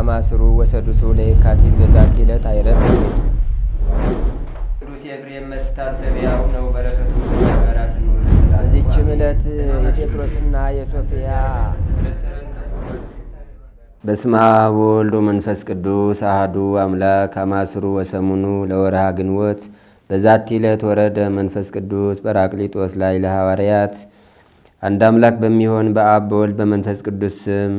ከማስሩ ወሰዱሱ ለየካቲት በዛቲ ዕለት አይረፍ ቅዱስ ኤፍሬም መታሰቢያው ነው። በረከቱ ተጋራት ነው። በዚችም ዕለት የጴጥሮስና የሶፊያ በስመ አብ ወወልድ ወመንፈስ ቅዱስ አህዱ አምላክ አማስሩ ወሰሙኑ ለወርሃ ግንቦት በዛቲ ዕለት ወረደ መንፈስ ቅዱስ በራቅሊጦስ ላይ ለሐዋርያት አንድ አምላክ በሚሆን በአብ በወልድ በመንፈስ ቅዱስ ስም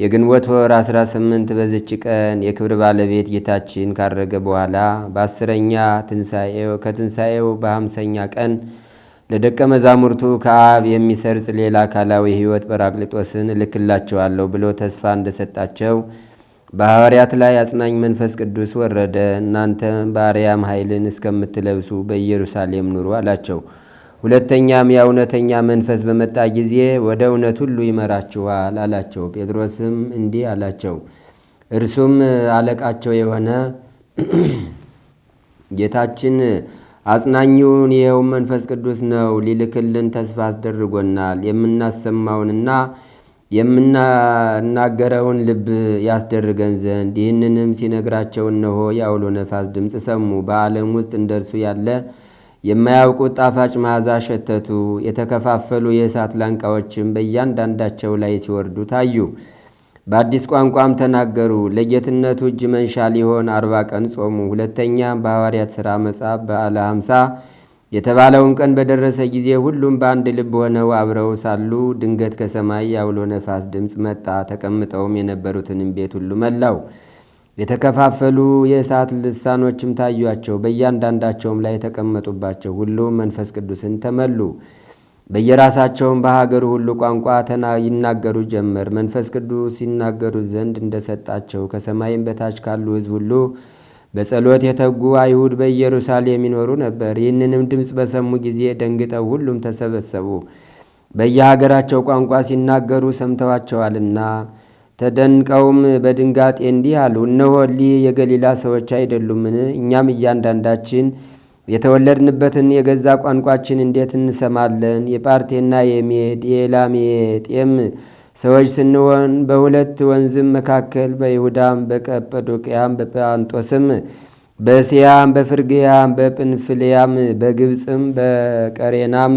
የግንቦት ወር 18 በዝች ቀን የክብር ባለቤት ጌታችን ካረገ በኋላ በአስረኛ ትንሣኤው ከትንሣኤው በሃምሳኛ ቀን ለደቀ መዛሙርቱ ከአብ የሚሰርጽ ሌላ አካላዊ ሕይወት ጰራቅሊጦስን እልክላቸዋለሁ ብሎ ተስፋ እንደሰጣቸው በሐዋርያት ላይ አጽናኝ መንፈስ ቅዱስ ወረደ። እናንተም በአርያም ኃይልን እስከምትለብሱ በኢየሩሳሌም ኑሩ አላቸው። ሁለተኛም የእውነተኛ እውነተኛ መንፈስ በመጣ ጊዜ ወደ እውነት ሁሉ ይመራችኋል አላቸው። ጴጥሮስም እንዲህ አላቸው፣ እርሱም አለቃቸው የሆነ ጌታችን አጽናኙን ይኸው መንፈስ ቅዱስ ነው ሊልክልን ተስፋ አስደርጎናል። የምናሰማውንና የምናናገረውን ልብ ያስደርገን ዘንድ ይህንንም ሲነግራቸው እነሆ የአውሎ ነፋስ ድምፅ ሰሙ። በዓለም ውስጥ እንደ እርሱ ያለ የማያውቁት ጣፋጭ መዓዛ ሸተቱ። የተከፋፈሉ የእሳት ላንቃዎችም በእያንዳንዳቸው ላይ ሲወርዱ ታዩ። በአዲስ ቋንቋም ተናገሩ። ለጌትነቱ እጅ መንሻ ሊሆን አርባ ቀን ጾሙ። ሁለተኛም በሐዋርያት ሥራ መጽሐፍ በዓለ ሃምሳ የተባለውም ቀን በደረሰ ጊዜ ሁሉም በአንድ ልብ ሆነው አብረው ሳሉ ድንገት ከሰማይ የአውሎ ነፋስ ድምፅ መጣ። ተቀምጠውም የነበሩትንም ቤት ሁሉ መላው። የተከፋፈሉ የእሳት ልሳኖችም ታዩአቸው፣ በእያንዳንዳቸውም ላይ የተቀመጡባቸው። ሁሉም መንፈስ ቅዱስን ተመሉ፣ በየራሳቸውም በሀገሩ ሁሉ ቋንቋ ይናገሩ ጀመር። መንፈስ ቅዱስ ይናገሩ ዘንድ እንደሰጣቸው ከሰማይም በታች ካሉ ሕዝብ ሁሉ በጸሎት የተጉ አይሁድ በኢየሩሳሌም ይኖሩ ነበር። ይህንንም ድምፅ በሰሙ ጊዜ ደንግጠው ሁሉም ተሰበሰቡ፣ በየሀገራቸው ቋንቋ ሲናገሩ ሰምተዋቸዋልና። ተደንቀውም በድንጋጤ እንዲህ አሉ፣ እነሆ እሊህ የገሊላ ሰዎች አይደሉምን? እኛም እያንዳንዳችን የተወለድንበትን የገዛ ቋንቋችን እንዴት እንሰማለን? የጳርቴና የሜድ የኤላሜጤም ሰዎች ስንሆን በሁለት ወንዝም መካከል በይሁዳም በቀጰዶቅያም በጳንጦስም በእስያም በፍርግያም በጵንፍልያም በግብፅም በቀሬናም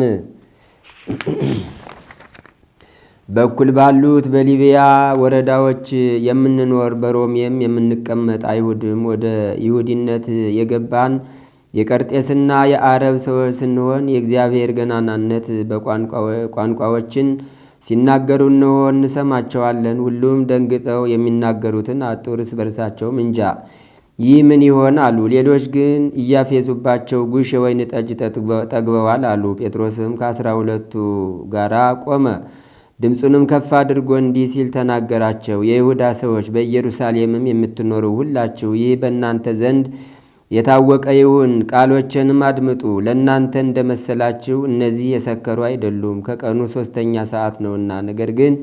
በኩል ባሉት በሊቢያ ወረዳዎች የምንኖር በሮሜም የምንቀመጥ አይሁድም ወደ ይሁዲነት የገባን የቀርጤስና የአረብ ሰዎች ስንሆን የእግዚአብሔር ገናናነት በቋንቋዎችን ሲናገሩ እንሆ እንሰማቸዋለን። ሁሉም ደንግጠው የሚናገሩትን አጡ፣ እርስ በርሳቸውም እንጃ ይህ ምን ይሆን አሉ። ሌሎች ግን እያፌዙባቸው ጉሽ የወይን ጠጅ ጠግበዋል አሉ። ጴጥሮስም ከአስራ ሁለቱ ጋራ ቆመ። ድምፁንም ከፍ አድርጎ እንዲህ ሲል ተናገራቸው። የይሁዳ ሰዎች በኢየሩሳሌምም የምትኖሩ ሁላችሁ ይህ በእናንተ ዘንድ የታወቀ ይሁን። ቃሎችንም አድምጡ። ለእናንተ እንደመሰላችሁ እነዚህ የሰከሩ አይደሉም፣ ከቀኑ ሶስተኛ ሰዓት ነውና። ነገር ግን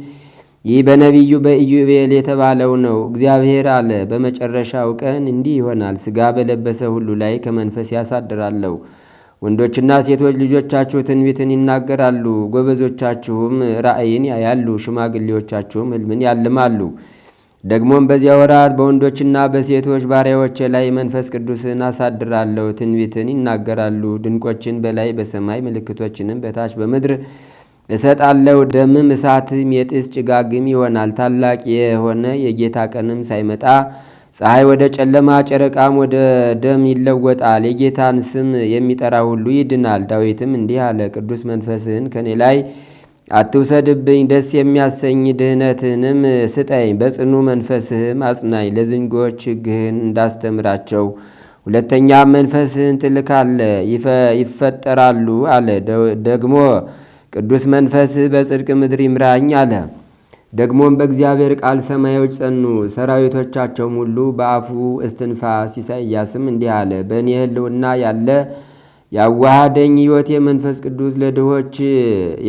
ይህ በነቢዩ በኢዩቤል የተባለው ነው። እግዚአብሔር አለ፣ በመጨረሻው ቀን እንዲህ ይሆናል፣ ሥጋ በለበሰ ሁሉ ላይ ከመንፈስ ያሳድራለሁ ወንዶችና ሴቶች ልጆቻችሁ ትንቢትን ይናገራሉ፣ ጎበዞቻችሁም ራእይን ያያሉ፣ ሽማግሌዎቻችሁም ህልምን ያልማሉ። ደግሞም በዚያ ወራት በወንዶችና በሴቶች ባሪያዎች ላይ መንፈስ ቅዱስን አሳድራለሁ፣ ትንቢትን ይናገራሉ። ድንቆችን በላይ በሰማይ ምልክቶችንም በታች በምድር እሰጣለሁ። ደምም እሳትም የጢስ ጭጋግም ይሆናል። ታላቅ የሆነ የጌታ ቀንም ሳይመጣ ፀሐይ ወደ ጨለማ ጨረቃም ወደ ደም ይለወጣል። የጌታን ስም የሚጠራ ሁሉ ይድናል። ዳዊትም እንዲህ አለ፣ ቅዱስ መንፈስህን ከኔ ላይ አትውሰድብኝ፣ ደስ የሚያሰኝ ድህነትህንም ስጠኝ። በጽኑ መንፈስህም አጽናኝ፣ ለዝንጎች ሕግህን እንዳስተምራቸው። ሁለተኛ መንፈስህን ትልካለ ይፈጠራሉ አለ። ደግሞ ቅዱስ መንፈስህ በጽድቅ ምድር ይምራኝ አለ። ደግሞም በእግዚአብሔር ቃል ሰማዮች ጸኑ፣ ሰራዊቶቻቸውም ሁሉ በአፉ እስትንፋስ። ኢሳይያስም እንዲህ አለ፣ በእኔ ህልውና ያለ ያዋሃደኝ ሕይወት የመንፈስ ቅዱስ ለድሆች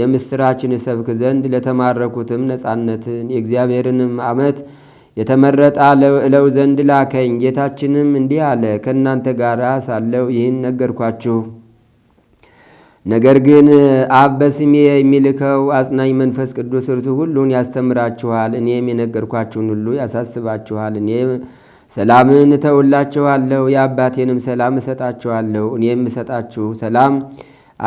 የምስራችን እሰብክ ዘንድ ለተማረኩትም ነጻነትን የእግዚአብሔርንም ዓመት የተመረጠ እለው ዘንድ ላከኝ። ጌታችንም እንዲህ አለ፣ ከእናንተ ጋር ሳለው ይህን ነገርኳችሁ። ነገር ግን አብ በስሜ የሚልከው አጽናኝ መንፈስ ቅዱስ እርሱ ሁሉን ያስተምራችኋል፣ እኔም የነገርኳችሁን ሁሉ ያሳስባችኋል። እኔም ሰላምን እተውላችኋለሁ፣ የአባቴንም ሰላም እሰጣችኋለሁ። እኔም እሰጣችሁ ሰላም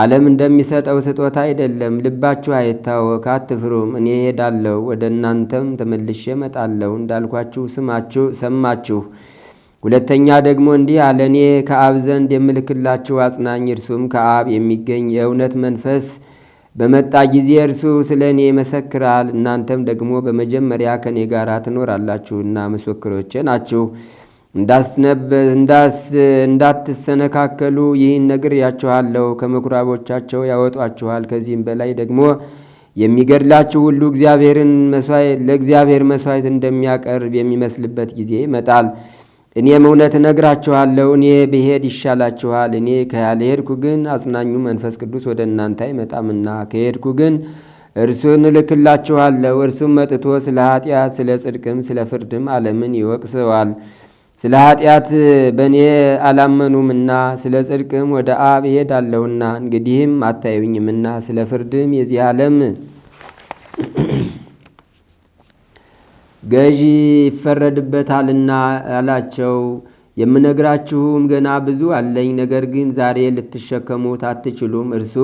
ዓለም እንደሚሰጠው ስጦታ አይደለም። ልባችሁ አይታወክ፣ አትፍሩም። እኔ እሄዳለሁ፣ ወደ እናንተም ተመልሼ እመጣለሁ እንዳልኳችሁ ስማችሁ ሰማችሁ ሁለተኛ ደግሞ እንዲህ አለ፣ እኔ ከአብ ዘንድ የምልክላችሁ አጽናኝ፣ እርሱም ከአብ የሚገኝ የእውነት መንፈስ በመጣ ጊዜ እርሱ ስለ እኔ ይመሰክራል። እናንተም ደግሞ በመጀመሪያ ከእኔ ጋር ትኖራላችሁና ምስክሮቼ ናችሁ። እንዳትሰነካከሉ ይህን ነግሬያችኋለሁ። ከምኩራቦቻቸው ያወጧችኋል። ከዚህም በላይ ደግሞ የሚገድላችሁ ሁሉ እግዚአብሔርን ለእግዚአብሔር መስዋዕት እንደሚያቀርብ የሚመስልበት ጊዜ ይመጣል። እኔም እውነት እነግራችኋለሁ፣ እኔ ብሄድ ይሻላችኋል። እኔ ካልሄድኩ ግን አጽናኙ መንፈስ ቅዱስ ወደ እናንተ አይመጣምና፣ ከሄድኩ ግን እርሱን እልክላችኋለሁ። እርሱም መጥቶ ስለ ኃጢአት፣ ስለ ጽድቅም፣ ስለ ፍርድም ዓለምን ይወቅሰዋል። ስለ ኃጢአት በእኔ አላመኑምና፣ ስለ ጽድቅም ወደ አብ እሄዳለሁና፣ እንግዲህም አታዩኝምና፣ ስለ ፍርድም የዚህ ዓለም ገዢ ይፈረድበታልና አላቸው። የምነግራችሁም ገና ብዙ አለኝ፣ ነገር ግን ዛሬ ልትሸከሙት አትችሉም። እርሱ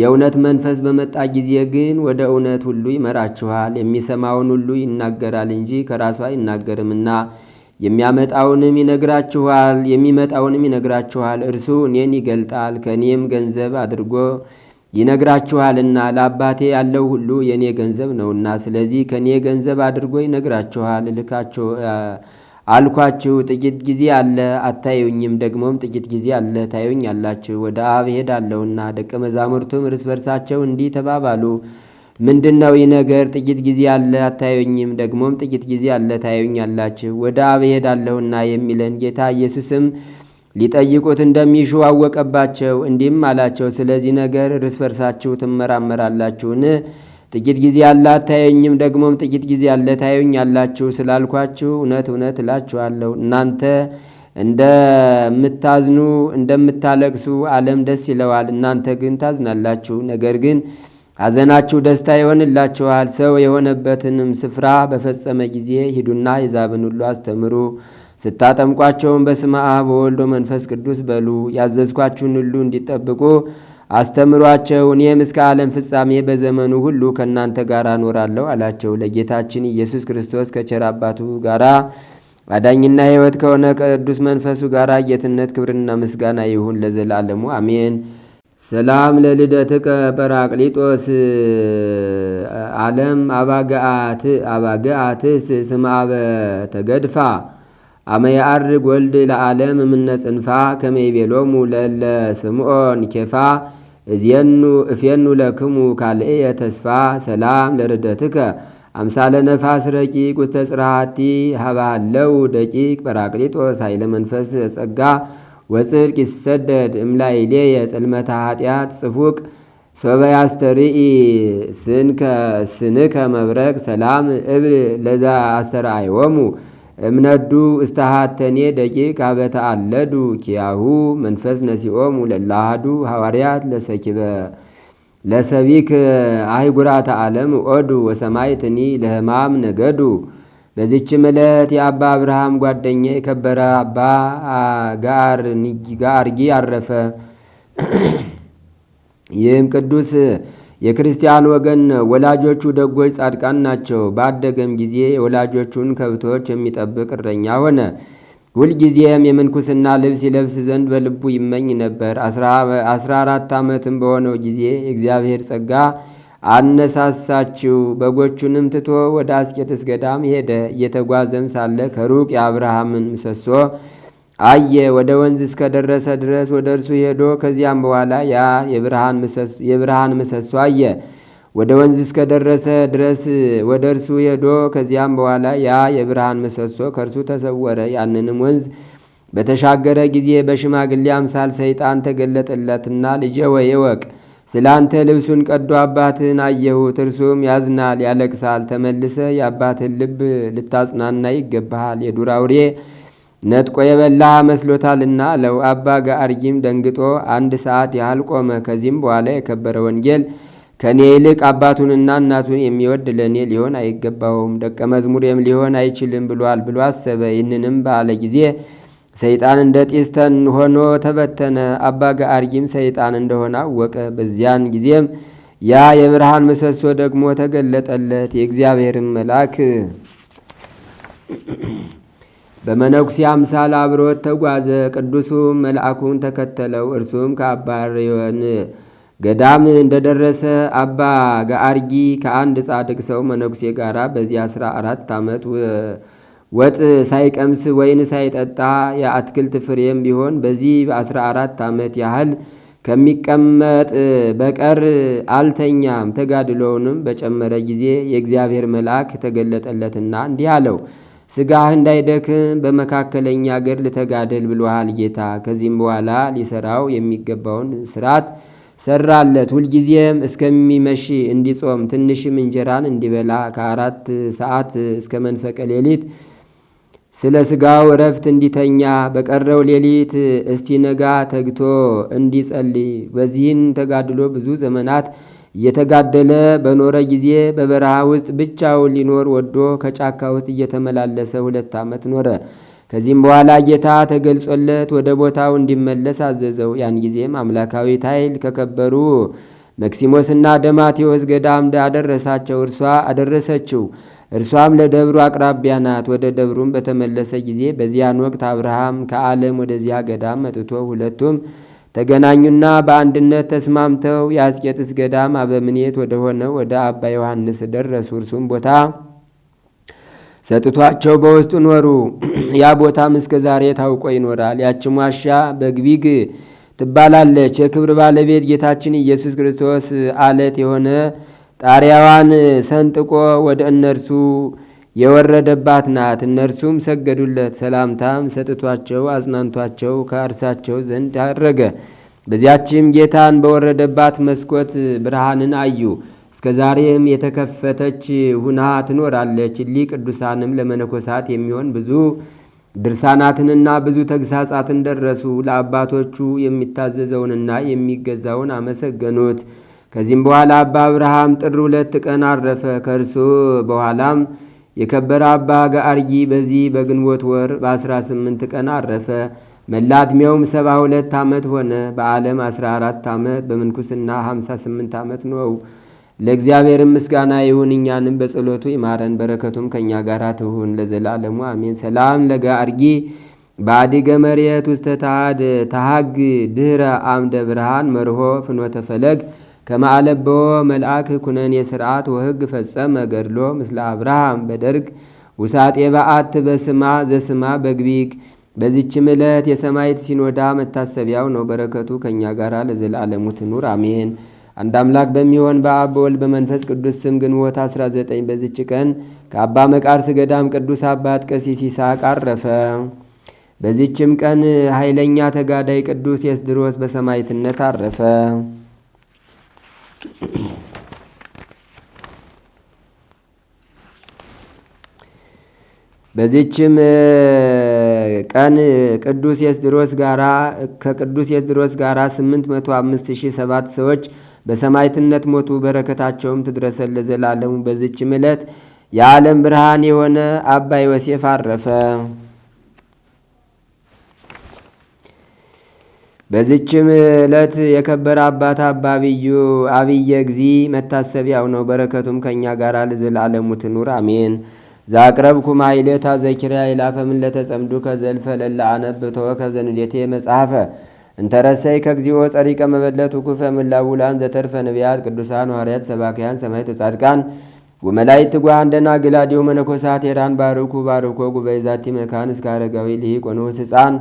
የእውነት መንፈስ በመጣ ጊዜ ግን ወደ እውነት ሁሉ ይመራችኋል። የሚሰማውን ሁሉ ይናገራል እንጂ ከራሱ አይናገርምና የሚያመጣውንም ይነግራችኋል፣ የሚመጣውንም ይነግራችኋል። እርሱ እኔን ይገልጣል፣ ከእኔም ገንዘብ አድርጎ ይነግራችኋልና ለአባቴ ያለው ሁሉ የእኔ ገንዘብ ነውና፣ ስለዚህ ከእኔ ገንዘብ አድርጎ ይነግራችኋል። ልካቸው አልኳችሁ ጥቂት ጊዜ አለ አታዩኝም፣ ደግሞም ጥቂት ጊዜ አለ ታዩኝ አላችሁ። ወደ አብ ሄዳለሁና። ደቀ መዛሙርቱም እርስ በርሳቸው እንዲህ ተባባሉ፣ ምንድን ነው ይህ ነገር? ጥቂት ጊዜ አለ አታዩኝም፣ ደግሞም ጥቂት ጊዜ አለ ታዩኝ አላችሁ። ወደ አብ ሄዳለሁና የሚለን ጌታ ኢየሱስም ሊጠይቁት እንደሚሹ አወቀባቸው። እንዲህም አላቸው፣ ስለዚህ ነገር እርስ በርሳችሁ ትመራመራላችሁን? ጥቂት ጊዜ አለ አታዩኝም፣ ደግሞም ጥቂት ጊዜ አለ አላችሁ ስላልኳችሁ እውነት እውነት እላችኋለሁ እናንተ እንደምታዝኑ እንደምታለቅሱ ዓለም ደስ ይለዋል። እናንተ ግን ታዝናላችሁ። ነገር ግን ሐዘናችሁ ደስታ ይሆንላችኋል። ሰው የሆነበትንም ስፍራ በፈጸመ ጊዜ ሂዱና የዛብን ሁሉ አስተምሩ ስታጠምቋቸውን በስመ አብ ወወልዶ መንፈስ ቅዱስ በሉ። ያዘዝኳችሁን ሁሉ እንዲጠብቁ አስተምሯቸው። እኔም እስከ ዓለም ፍጻሜ በዘመኑ ሁሉ ከእናንተ ጋር እኖራለሁ አላቸው። ለጌታችን ኢየሱስ ክርስቶስ ከቸር አባቱ ጋራ አዳኝና ሕይወት ከሆነ ቅዱስ መንፈሱ ጋር ጌትነት ክብርና ምስጋና ይሁን ለዘላለሙ አሜን። ሰላም ለልደትከ ጰራቅሊጦስ ዓለም አባገአት አባገአትስ ተገድፋ አመ ያአርግ ወልድ ለዓለም እምነጽንፋ ከመይቤሎሙ ለእለ ስምዖን ኬፋ እዝየኑ እፍየኑ ለክሙ ካልእየ የተስፋ ሰላም ለርደትከ አምሳለ ነፋስ ረቂቅ ውስተ ጽርሃቲ ሀባለው ደቂቅ በራቅሊጦስ ኃይለ መንፈስ ጸጋ ወጽድቅ ይሰደድ እምላይሌ የጽልመታ ኃጢአት ጽፉቅ ሶበያስተርኢ ስንከ ስንከ መብረቅ ሰላም እብል ለዛ አስተርአይዎሙ እምነዱ እስተሃተኔ ደቂቅ አበተ አለዱ ኪያሁ መንፈስ ነሲኦም ለላሃዱ ሐዋርያት ለሰኪበ ለሰቢክ አይጉራተ ዓለም ኦዱ ወሰማይትኒ ለህማም ነገዱ። በዚች ዕለት የአባ አብርሃም ጓደኛ የከበረ አባ ጋርጊ አረፈ። ይህም ቅዱስ የክርስቲያን ወገን ነው። ወላጆቹ ደጎች፣ ጻድቃን ናቸው። ባደገም ጊዜ የወላጆቹን ከብቶች የሚጠብቅ እረኛ ሆነ። ሁልጊዜም የምንኩስና ልብስ ይለብስ ዘንድ በልቡ ይመኝ ነበር። አስራ አራት ዓመትም በሆነው ጊዜ የእግዚአብሔር ጸጋ አነሳሳችው። በጎቹንም ትቶ ወደ አስቄጥስ ገዳም ሄደ። እየተጓዘም ሳለ ከሩቅ የአብርሃምን ምሰሶ አየ። ወደ ወንዝ እስከደረሰ ድረስ ወደ እርሱ ሄዶ ከዚያም በኋላ ያ የብርሃን ምሰሶ አየ። ወደ ወንዝ እስከደረሰ ድረስ ወደ እርሱ ሄዶ ከዚያም በኋላ ያ የብርሃን ምሰሶ ከእርሱ ተሰወረ። ያንንም ወንዝ በተሻገረ ጊዜ በሽማግሌ አምሳል ሰይጣን ተገለጠለትና፣ ልጄ ወይ እወቅ ስለ አንተ ልብሱን ቀዶ አባትህን አየሁት። እርሱም ያዝናል፣ ያለቅሳል። ተመልሰ የአባትህን ልብ ልታጽናና ይገባሃል። የዱር አውሬ ነጥቆ የበላ መስሎታልና አለው። አባ ገአርጊም ደንግጦ አንድ ሰዓት ያህል ቆመ። ከዚህም በኋላ የከበረ ወንጌል ከእኔ ይልቅ አባቱንና እናቱን የሚወድ ለእኔ ሊሆን አይገባውም፣ ደቀ መዝሙሬም ሊሆን አይችልም ብሏል ብሎ አሰበ። ይህንንም ባለ ጊዜ ሰይጣን እንደ ጢስተን ሆኖ ተበተነ። አባ ገአርጊም ሰይጣን እንደሆነ አወቀ። በዚያን ጊዜም ያ የብርሃን ምሰሶ ደግሞ ተገለጠለት። የእግዚአብሔርን መልአክ በመነኩሴ አምሳል አብሮት ተጓዘ። ቅዱሱም መልአኩን ተከተለው። እርሱም ከአባ ሪዮን ገዳም እንደደረሰ አባ ገአርጊ ከአንድ ጻድቅ ሰው መነኩሴ ጋር በዚህ አስራ አራት ዓመት ወጥ ሳይቀምስ ወይን ሳይጠጣ የአትክልት ፍሬም ቢሆን በዚህ በአስራ አራት ዓመት ያህል ከሚቀመጥ በቀር አልተኛም። ተጋድሎውንም በጨመረ ጊዜ የእግዚአብሔር መልአክ ተገለጠለትና እንዲህ አለው ስጋህ እንዳይደክም በመካከለኛ ገድል ተጋደል ብሎሃል ጌታ። ከዚህም በኋላ ሊሰራው የሚገባውን ስርዓት ሰራለት። ሁልጊዜም እስከሚመሽ እንዲጾም ትንሽም እንጀራን እንዲበላ ከአራት ሰዓት እስከ መንፈቀ ሌሊት ስለ ስጋው እረፍት እንዲተኛ በቀረው ሌሊት እስቲነጋ ተግቶ እንዲጸልይ በዚህን ተጋድሎ ብዙ ዘመናት እየተጋደለ በኖረ ጊዜ በበረሃ ውስጥ ብቻውን ሊኖር ወዶ ከጫካ ውስጥ እየተመላለሰ ሁለት ዓመት ኖረ። ከዚህም በኋላ ጌታ ተገልጾለት ወደ ቦታው እንዲመለስ አዘዘው። ያን ጊዜም አምላካዊት ኃይል ከከበሩ መክሲሞስና ደማቴዎስ ገዳም አደረሳቸው። እርሷ አደረሰችው። እርሷም ለደብሩ አቅራቢያ ናት። ወደ ደብሩም በተመለሰ ጊዜ በዚያን ወቅት አብርሃም ከዓለም ወደዚያ ገዳም መጥቶ ሁለቱም ተገናኙና በአንድነት ተስማምተው የአስቄጥስ ገዳም አበምኔት ወደሆነ ወደ አባ ዮሐንስ ደረሱ። እርሱም ቦታ ሰጥቷቸው በውስጡ ኖሩ። ያ ቦታም እስከ ዛሬ ታውቆ ይኖራል። ያችም ዋሻ በግቢግ ትባላለች። የክብር ባለቤት ጌታችን ኢየሱስ ክርስቶስ አለት የሆነ ጣሪያዋን ሰንጥቆ ወደ እነርሱ የወረደባት ናት። እነርሱም ሰገዱለት። ሰላምታም ሰጥቷቸው አጽናንቷቸው ከእርሳቸው ዘንድ አረገ። በዚያችም ጌታን በወረደባት መስኮት ብርሃንን አዩ። እስከ ዛሬም የተከፈተች ሁና ትኖራለች። እሊህ ቅዱሳንም ለመነኮሳት የሚሆን ብዙ ድርሳናትንና ብዙ ተግሳጻትን ደረሱ። ለአባቶቹ የሚታዘዘውንና የሚገዛውን አመሰገኑት። ከዚህም በኋላ አባ አብርሃም ጥር ሁለት ቀን አረፈ። ከእርሱ በኋላም የከበረ አባ ገአርጊ በዚህ በግንቦት ወር በ18 ቀን አረፈ። መላ ዕድሜውም 72 ዓመት ሆነ። በአለም 14 ዓመት በምንኩስና 58 ዓመት ነው። ለእግዚአብሔር ምስጋና ይሁን፣ እኛንም በጸሎቱ ይማረን፣ በረከቱም ከኛ ጋር ትሁን ለዘላለሙ አሜን። ሰላም ለገአርጊ በአዲገ መሬት ውስተ ተሃድ ተሃግ ድህረ አምደ ብርሃን መርሆ ፍኖ ተፈለግ ከማዕለቦ መልአክ ኩነኔ ስርዓት ወህግ ፈጸመ ገድሎ ምስለ አብርሃም በደርግ ውሳጤ በአት በስማ ዘስማ በግቢግ በዚችም ዕለት የሰማይት ሲኖዳ መታሰቢያው ነው። በረከቱ ከእኛ ጋር ለዘላለሙ ትኑር አሜን። አንድ አምላክ በሚሆን በአብ በወልድ በመንፈስ ቅዱስ ስም ግንቦት 19 በዚች ቀን ከአባ መቃርስ ገዳም ቅዱስ አባት ቀሲስ ይስሐቅ አረፈ። በዚችም ቀን ኃይለኛ ተጋዳይ ቅዱስ የስድሮስ በሰማይትነት አረፈ። በዚችም ቀን ቅዱስ የስድሮስ ጋራ ከቅዱስ የስድሮስ ጋራ 805,007 ሰዎች በሰማይትነት ሞቱ። በረከታቸውም ትድረሰን ለዘላለሙ። በዚችም ዕለት የዓለም ብርሃን የሆነ አባ ዮሴፍ አረፈ። በዚችም ዕለት የከበረ አባት አባብዩ አብየ እግዚ መታሰቢያው ነው። በረከቱም ከእኛ ጋር ለዘላለሙ ትኑር አሜን። ዛቅረብኩ ማይሌታ ዘኪርያ ይላፈምን ለተጸምዱ ከዘልፈ ለላ አነብቶ ከዘንዴቴ መጽሐፈ እንተረሰይ ከግዚኦ ጸሪቀ መበለቱ ኩፈ ምላውላን ዘተርፈ ነቢያት ቅዱሳን ሐዋርያት ሰባክያን ሰማዕት ጻድቃን ወመላእክት ትጓ እንደና ግላዲዮ መነኮሳት ሄራን ባርኩ ባርኮ ጉባኤ ዛቲ መካን እስከ አረጋዊ ልሂቅ ወንዑስ ሕፃን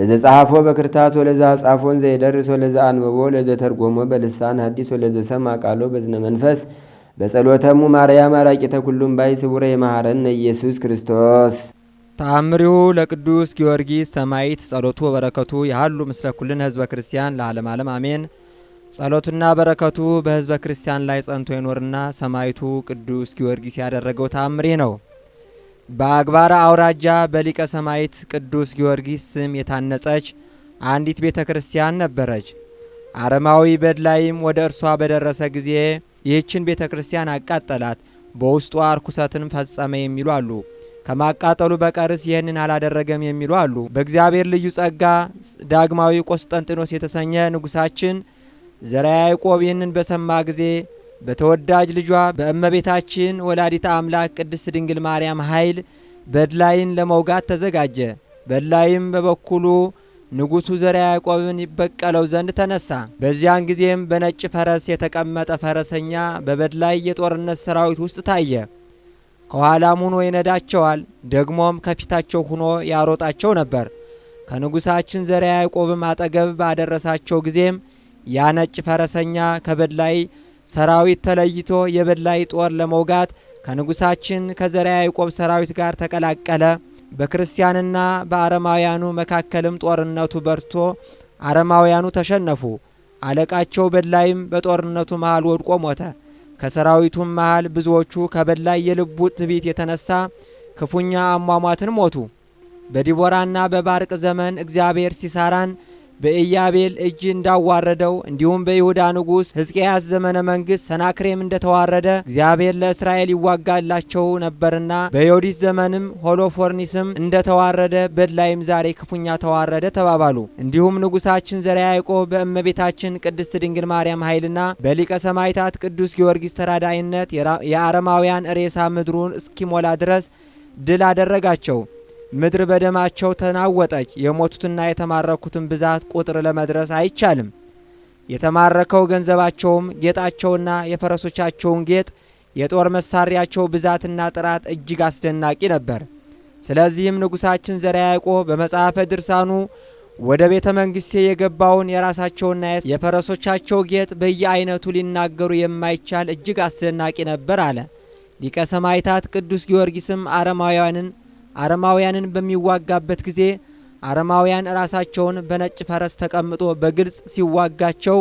ለዘጻሐፎ በክርታስ ወለዛ ጻፎን ዘይደርስ ወለዛ አንብቦ ተርጎሞ በልሳን ሐዲስ ወለዘ ሰማ ቃሎ በዝነ መንፈስ በጸሎተሙ ማርያም አራቂ ተኩሉም ባይ ስቡረ የማሐረነ ኢየሱስ ክርስቶስ ተአምሪሁ ለቅዱስ ጊዮርጊስ ሰማይት ጸሎቱ ወበረከቱ ያሉ ምስለ ኩልን ህዝበ ክርስቲያን ለዓለም ዓለም አሜን። ጸሎቱና በረከቱ በህዝበ ክርስቲያን ላይ ጸንቶ ይኖርና ሰማይቱ ቅዱስ ጊዮርጊስ ያደረገው ተአምሪ ነው። በአግባራ አውራጃ በሊቀ ሰማይት ቅዱስ ጊዮርጊስ ስም የታነጸች አንዲት ቤተ ክርስቲያን ነበረች። አረማዊ በድላይም ወደ እርሷ በደረሰ ጊዜ ይህችን ቤተ ክርስቲያን አቃጠላት፣ በውስጡ ርኩሰትን ፈጸመ የሚሉ አሉ። ከማቃጠሉ በቀርስ ይህንን አላደረገም የሚሉ አሉ። በእግዚአብሔር ልዩ ጸጋ ዳግማዊ ቆስጠንጢኖስ የተሰኘ ንጉሳችን ዘርዓ ያዕቆብ ይህንን በሰማ ጊዜ በተወዳጅ ልጇ በእመቤታችን ወላዲተ አምላክ ቅድስት ድንግል ማርያም ኃይል በድላይን ለመውጋት ተዘጋጀ። በድላይም በበኩሉ ንጉሡ ዘርዓ ያዕቆብን ይበቀለው ዘንድ ተነሳ። በዚያን ጊዜም በነጭ ፈረስ የተቀመጠ ፈረሰኛ በበድላይ የጦርነት ሰራዊት ውስጥ ታየ። ከኋላም ሁኖ ይነዳቸዋል፣ ደግሞም ከፊታቸው ሁኖ ያሮጣቸው ነበር። ከንጉሳችን ዘርዓ ያዕቆብም አጠገብ ባደረሳቸው ጊዜም ያ ነጭ ፈረሰኛ ከበድላይ ሰራዊት ተለይቶ የበላይ ጦር ለመውጋት ከንጉሳችን ከዘርዓ ያዕቆብ ሰራዊት ጋር ተቀላቀለ። በክርስቲያንና በአረማውያኑ መካከልም ጦርነቱ በርቶ አረማውያኑ ተሸነፉ። አለቃቸው በላይም በጦርነቱ መሃል ወድቆ ሞተ። ከሰራዊቱም መሃል ብዙዎቹ ከበላይ የልቡ ትቢት የተነሳ ክፉኛ አሟሟትን ሞቱ። በዲቦራና በባርቅ ዘመን እግዚአብሔር ሲሳራን በኢያቤል እጅ እንዳዋረደው እንዲሁም በይሁዳ ንጉሥ ሕዝቅያስ ዘመነ መንግስት ሰናክሬም እንደተዋረደ እግዚአብሔር ለእስራኤል ይዋጋላቸው ነበርና በዮዲስ ዘመንም ሆሎፎርኒስም እንደተዋረደ በድላይም ዛሬ ክፉኛ ተዋረደ ተባባሉ። እንዲሁም ንጉሳችን ዘርዓ ያዕቆብ በእመቤታችን ቅድስት ድንግል ማርያም ኃይልና በሊቀ ሰማዕታት ቅዱስ ጊዮርጊስ ተራዳይነት የአረማውያን ሬሳ ምድሩን እስኪሞላ ድረስ ድል አደረጋቸው። ምድር በደማቸው ተናወጠች። የሞቱትና የተማረኩትን ብዛት ቁጥር ለመድረስ አይቻልም። የተማረከው ገንዘባቸውም፣ ጌጣቸውና የፈረሶቻቸውን ጌጥ፣ የጦር መሳሪያቸው ብዛትና ጥራት እጅግ አስደናቂ ነበር። ስለዚህም ንጉሳችን ዘርዓ ያዕቆብ በመጽሐፈ ድርሳኑ ወደ ቤተ መንግሥቴ የገባውን የራሳቸውና የፈረሶቻቸው ጌጥ በየአይነቱ ሊናገሩ የማይቻል እጅግ አስደናቂ ነበር አለ። ሊቀ ሰማዕታት ቅዱስ ጊዮርጊስም አረማውያንን አረማውያንን በሚዋጋበት ጊዜ አረማውያን ራሳቸውን በነጭ ፈረስ ተቀምጦ በግልጽ ሲዋጋቸው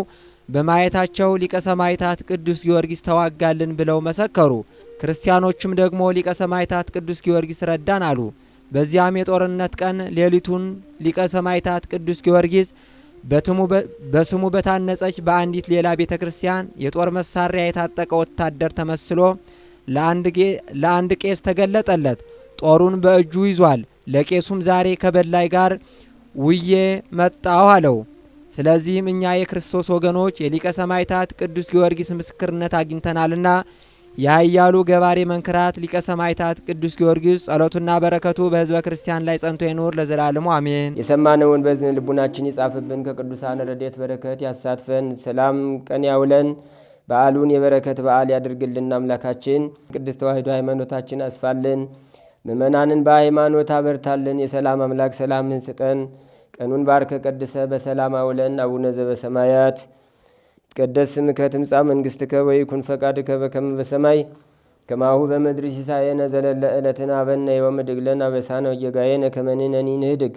በማየታቸው ሊቀ ሰማዕታት ቅዱስ ጊዮርጊስ ተዋጋልን ብለው መሰከሩ። ክርስቲያኖችም ደግሞ ሊቀ ሰማዕታት ቅዱስ ጊዮርጊስ ረዳን አሉ። በዚያም የጦርነት ቀን ሌሊቱን ሊቀ ሰማዕታት ቅዱስ ጊዮርጊስ በስሙ በታነጸች በአንዲት ሌላ ቤተ ክርስቲያን የጦር መሳሪያ የታጠቀ ወታደር ተመስሎ ለአንድ ቄስ ተገለጠለት። ጦሩን በእጁ ይዟል። ለቄሱም ዛሬ ከበላይ ጋር ውዬ መጣሁ አለው። ስለዚህም እኛ የክርስቶስ ወገኖች የሊቀ ሰማይታት ቅዱስ ጊዮርጊስ ምስክርነት አግኝተናልና የኃያሉ ገባሬ መንክራት ሊቀ ሰማይታት ቅዱስ ጊዮርጊስ ጸሎቱና በረከቱ በሕዝበ ክርስቲያን ላይ ጸንቶ ይኑር ለዘላለሙ አሜን። የሰማነውን በዝን ልቡናችን ይጻፍብን፣ ከቅዱሳን ረድኤት በረከት ያሳትፈን፣ ሰላም ቀን ያውለን፣ በዓሉን የበረከት በዓል ያድርግልን። አምላካችን ቅድስት ተዋሕዶ ሃይማኖታችን አስፋልን። ምእመናንን በሃይማኖት አበርታልን። የሰላም አምላክ ሰላምን ስጠን። ቀኑን ባርከ ቀድሰ በሰላም አውለን። አቡነ ዘበሰማያት ይትቀደስ ስምከ ትምጻእ መንግሥትከ ወይኩን ፈቃድከ በከመ በሰማይ ከማሁ በምድር ሲሳየነ ዘለለ ዕለትነ ሀበነ ዮም ወኅድግ ለነ አበሳነ ወጌጋየነ ከመ ንሕነኒ ንኅድግ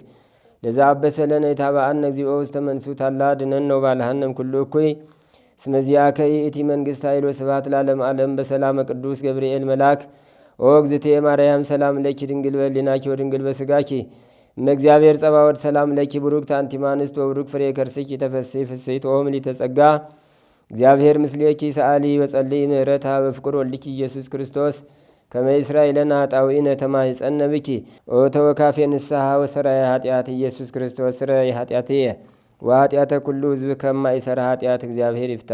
ለዘአበሰ ለነ ኢታብአነ እግዚኦ ውስተ መንሱት አላ አድኅነነ ወባልሐነ ኩሉ እኩይ እስመ ዚአከ ይእቲ መንግሥት ኃይል ወስብሐት ለዓለመ ዓለም በሰላመ ቅዱስ ገብርኤል መልአክ ኦ እግዝእቴ ማርያም ሰላም ለኪ ድንግል በሊናኪ ወድንግል በስጋኪ መእግዚአብሔር ጸባወድ ሰላም ለኪ ብሩክት አንቲማንስት ወብሩክ ፍሬ ከርስኪ ተፈስሒ ፍስሕት ኦ ምልዕተ እግዚአብሔር ምስሌኪ ሰአሊ በጸልይ ምህረታ በፍቅር ወልኪ ኢየሱስ ክርስቶስ ከመ ይስራኤለነ ኃጣውኢነ ነተማ ይጸነብኪ ኦ ተወካፌ ንስሓ ወሰራ ኃጢአት ኢየሱስ ክርስቶስ ስረ ስረይ የ ወኃጢአተ ኩሉ ከማ ይሰራ ኃጢአት እግዚአብሔር ይፍታ።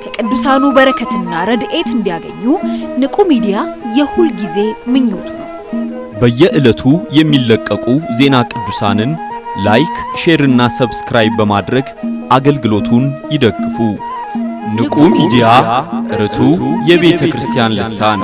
የቅዱሳኑ በረከትና ረድኤት እንዲያገኙ ንቁ ሚዲያ የሁል ጊዜ ምኞቱ ነው። በየዕለቱ የሚለቀቁ ዜና ቅዱሳንን ላይክ፣ ሼርና ሰብስክራይብ በማድረግ አገልግሎቱን ይደግፉ። ንቁ ሚዲያ ርቱ የቤተ ክርስቲያን ልሳን